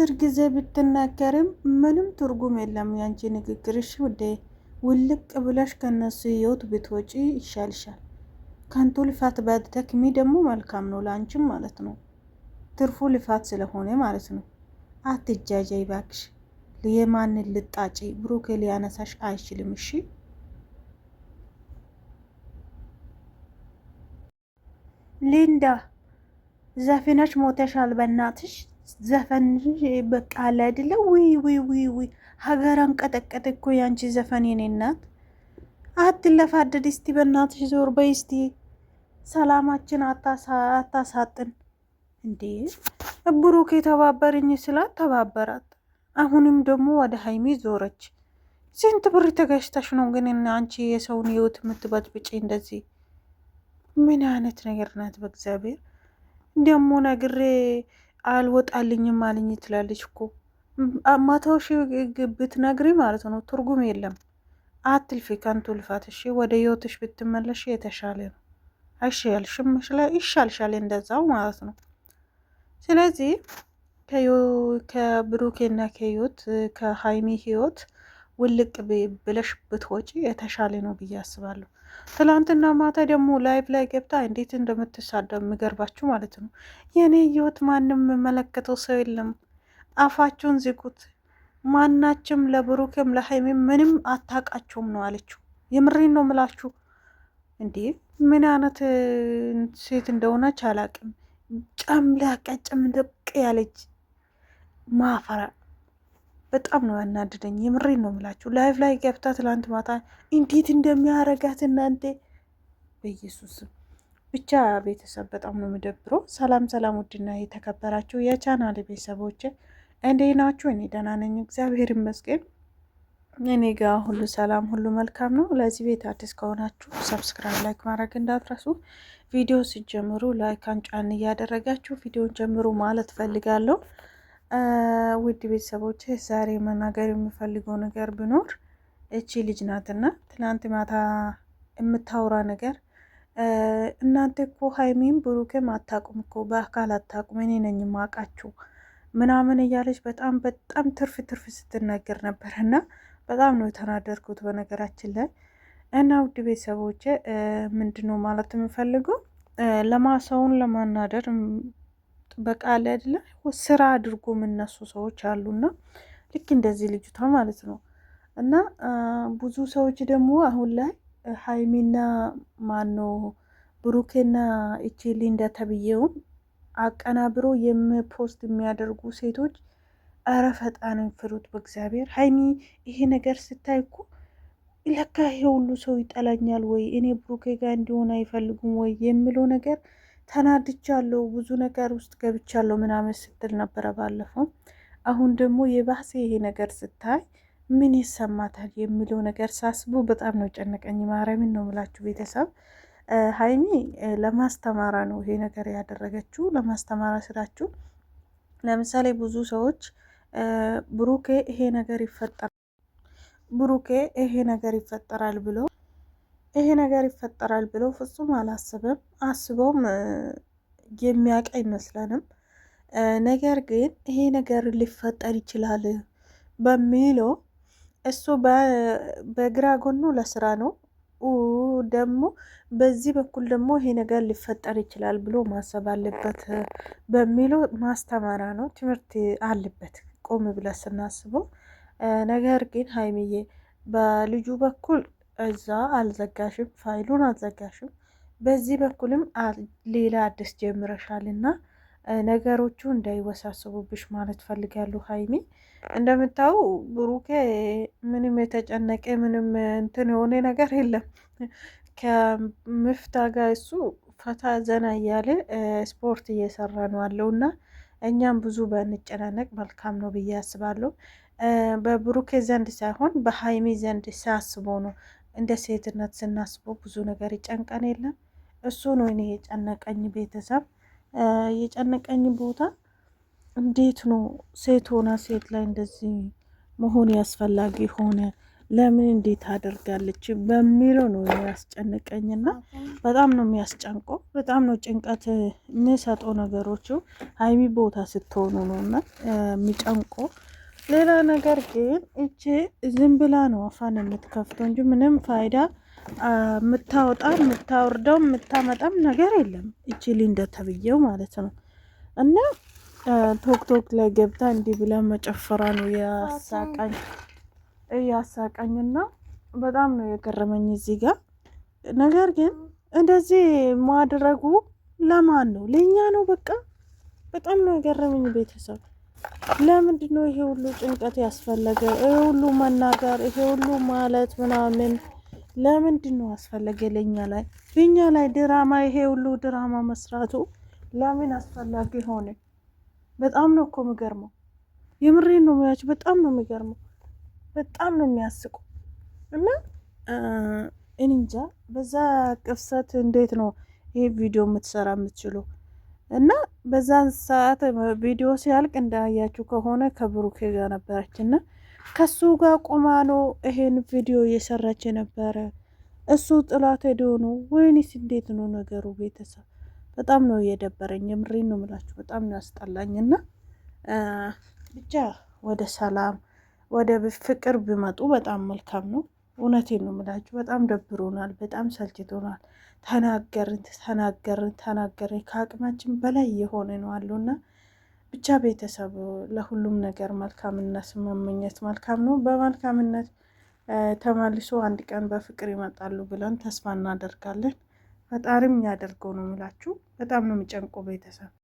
አስር ጊዜ ብትናገርም ምንም ትርጉም የለም ያንቺ ንግግርሽ። ውዴ ውልቅ ብለሽ ከነሱ ህይወት ብትወጪ ይሻልሻል። ከንቱ ልፋት ባትደክሚ ደግሞ መልካም ነው ለአንቺም ማለት ነው። ትርፉ ልፋት ስለሆነ ማለት ነው። አትጃጃይ ባክሽ። የማንን ልጣጪ? ብሩኬ ሊያነሳሽ አይችልም። እሺ ሊንዳ ዘፊነች ሞተሻል፣ በናትሽ ዘፈን በቃ አለ አይደለ? ውይ ውይ ውይ ውይ ሀገር አንቀጠቀጥ እኮ ያንቺ ዘፈን። የኔ እናት አትለፋደድ። እስቲ በእናትሽ ዞር በይ እስቲ። ሰላማችን አታሳጥን እንዴ! ብሩክ የተባበርኝ ስላት ተባበራት። አሁንም ደግሞ ወደ ሀይሚ ዞረች። ስንት ብር ተገሽተሽ ነው ግን አንቺ የሰውን ህይወት የምትበጥብጪ? እንደዚህ ምን አይነት ነገር ናት? በእግዚአብሔር ደግሞ ነግሬ አልወጣልኝም አልኝ ትላለች እኮ ማታውሽ ነግሪ ማለት ነው ትርጉም የለም። አትልፊ ከንቱ ልፋት። እሺ ወደ ህይወትሽ ብትመለሽ የተሻለ ነው። እሺ ያልሽምሽ ላይ ይሻልሻል እንደዛው ማለት ነው። ስለዚህ ከብሩኬና ከህይወት ከሀይሚ ህይወት ውልቅ ብለሽ ብትወጪ የተሻለ ነው ብዬ አስባለሁ። ትላንትና ማታ ደግሞ ላይቭ ላይ ገብታ እንዴት እንደምትሳደብ የሚገርባችሁ ማለት ነው። የእኔ ህይወት ማንም የምመለከተው ሰው የለም። አፋችሁን ዝጉት። ማናችም ለብሩክም ለሀይሜም ምንም አታቃቸውም ነው አለችው። የምሬን ነው ምላችሁ። እንዴ ምን አይነት ሴት እንደሆነች አላቅም። ሊያቀጭም ጨምደቅ ያለች ማፈራ በጣም ነው ያናደደኝ። የምሬን ነው ምላችሁ። ላይቭ ላይ ገብታ ትላንት ማታ እንዴት እንደሚያረጋት እናንተ በኢየሱስ ብቻ ቤተሰብ በጣም ነው የምደብሮ። ሰላም ሰላም፣ ውድና የተከበራችሁ የቻናል ቤተሰቦች እንዴ ናችሁ? እኔ ደህና ነኝ፣ እግዚአብሔር ይመስገን። እኔ ጋ ሁሉ ሰላም፣ ሁሉ መልካም ነው። ለዚህ ቤት አዲስ ከሆናችሁ ሰብስክራይብ፣ ላይክ ማድረግ እንዳትረሱ። ቪዲዮ ሲጀምሩ ላይክ አንጫን እያደረጋችሁ ቪዲዮን ጀምሩ ማለት ፈልጋለሁ። ውድ ቤተሰቦች ዛሬ መናገር የምፈልገው ነገር ቢኖር እቺ ልጅ ናትና ትናንት ማታ የምታወራ ነገር እናንተ እኮ ሀይሜም ብሩክም አታቁም እኮ በአካል አታቁም፣ እኔ ነኝ ማቃችሁ ምናምን እያለች በጣም በጣም ትርፍ ትርፍ ስትናገር ነበር እና በጣም ነው የተናደርኩት በነገራችን ላይ እና ውድ ቤተሰቦች ምንድነው ማለት የምፈልገው ለማሰውን ለማናደር በቃ አለ አይደለ ስራ አድርጎ የምነሱ ሰዎች አሉና ልክ እንደዚህ ልጅቷ ማለት ነው። እና ብዙ ሰዎች ደግሞ አሁን ላይ ሀይሚና ማኖ ብሩኬና እቺ ሊንዳ ተብዬውም አቀናብሮ የምፖስት የሚያደርጉ ሴቶች እረ ፈጣንን ፍሩት በእግዚአብሔር። ሀይሚ ይሄ ነገር ስታይ እኮ ለካ ይሄ ሁሉ ሰው ይጠላኛል ወይ እኔ ብሩኬ ጋር እንዲሆን አይፈልጉም ወይ የሚለው ነገር ተናድቻለሁ፣ ብዙ ነገር ውስጥ ገብቻለሁ ምናምን ስትል ነበረ ባለፈው። አሁን ደግሞ የባሰ ይሄ ነገር ስታይ ምን ይሰማታል የሚለው ነገር ሳስቡ በጣም ነው ጨነቀኝ። ማርያምን ነው ምላችሁ ቤተሰብ ሀይሚ ለማስተማራ ነው ይሄ ነገር ያደረገችው። ለማስተማራ ስላችሁ ለምሳሌ ብዙ ሰዎች ብሩኬ ይሄ ነገር ይፈጠራል ብሩኬ ይሄ ነገር ይፈጠራል ብሎ ይሄ ነገር ይፈጠራል ብሎ ፍጹም አላስብም። አስበውም የሚያውቅ አይመስለንም። ነገር ግን ይሄ ነገር ሊፈጠር ይችላል በሚለው እሱ በግራ ጎኑ ለስራ ነው ደግሞ በዚህ በኩል ደግሞ ይሄ ነገር ሊፈጠር ይችላል ብሎ ማሰብ አለበት በሚለው ማስተማራ ነው ትምህርት አለበት ቆም ብለ ስናስበው። ነገር ግን ሀይሚዬ በልጁ በኩል እዛ አልዘጋሽም፣ ፋይሉን አልዘጋሽም፣ በዚህ በኩልም ሌላ አዲስ ጀምረሻል እና ነገሮቹ እንዳይወሳስቡብሽ ማለት ፈልጋሉ። ሀይሚ። እንደምታው ብሩኬ ምንም የተጨነቀ ምንም እንትን የሆነ ነገር የለም። ከምፍታ ጋር እሱ ፈታ ዘና እያለ ስፖርት እየሰራ ነው አለው እና እኛም ብዙ በንጨናነቅ መልካም ነው ብዬ አስባለሁ። በብሩኬ ዘንድ ሳይሆን በሀይሚ ዘንድ ሳስቦ ነው እንደ ሴትነት ስናስበው ብዙ ነገር ይጨንቀን የለም። እሱ ነው እኔ የጨነቀኝ ቤተሰብ የጨነቀኝ ቦታ እንዴት ነው ሴት ሆና ሴት ላይ እንደዚህ መሆን ያስፈላጊ ሆነ? ለምን እንዴት አደርጋለች በሚለው ነው ና በጣም ነው የሚያስጨንቀው። በጣም ነው ጭንቀት የሚሰጠው ነገሮቹ ሀይሚ ቦታ ስትሆኑ ነው እና የሚጨንቆ ሌላ ነገር ግን እቺ ዝም ብላ ነው አፋን የምትከፍተው እንጂ ምንም ፋይዳ የምታወጣ የምታወርደው የምታመጣም ነገር የለም። እቺ ሊንዳ ተብዬው ማለት ነው። እና ቶክቶክ ላይ ገብታ እንዲህ ብላ መጨፈራ ነው ያሳቃኝ እና በጣም ነው የገረመኝ እዚህ ጋር። ነገር ግን እንደዚህ ማድረጉ ለማን ነው? ለእኛ ነው። በቃ በጣም ነው የገረመኝ ቤተሰብ ለምንድን ነው ይሄ ሁሉ ጭንቀት ያስፈለገ? ይሄ ሁሉ መናገር፣ ይሄ ሁሉ ማለት ምናምን ለምንድን ነው አስፈለገ? ለኛ ላይ በኛ ላይ ድራማ፣ ይሄ ሁሉ ድራማ መስራቱ ለምን አስፈላጊ ሆነ? በጣም ነው እኮ የሚገርመው። የምሬን ነው ሙያቸው። በጣም ነው የሚገርመው። በጣም ነው የሚያስቁ እና እንጃ በዛ ቅፍሰት እንዴት ነው ይሄ ቪዲዮ የምትሰራ የምትችለው? እና በዛን ሰዓት ቪዲዮ ሲያልቅ እንዳያችሁ ከሆነ ከብሩኬ ጋር ነበረችና ከሱ ጋር ቁማ ነው ይሄን ቪዲዮ እየሰራች የነበረ እሱ ጥላት ሄዶ ነው ወይንስ እንዴት ነው ነገሩ? ቤተሰብ በጣም ነው እየደበረኝ። የምሬ ነው ምላችሁ፣ በጣም ነው ያስጠላኝ። እና ብቻ ወደ ሰላም ወደ ፍቅር ቢመጡ በጣም መልካም ነው። እውነቴን ነው የምላችሁ። በጣም ደብሮናል፣ በጣም ሰልችቶናል። ተናገርን ተናገርን ተናገርን ከአቅማችን በላይ የሆነ ነው አሉና ብቻ ቤተሰብ ለሁሉም ነገር መልካምነት መመኘት መልካም ነው። በመልካምነት ተመልሶ አንድ ቀን በፍቅር ይመጣሉ ብለን ተስፋ እናደርጋለን። ፈጣሪም ያደርገው ነው የምላችሁ። በጣም ነው የሚጨንቆ ቤተሰብ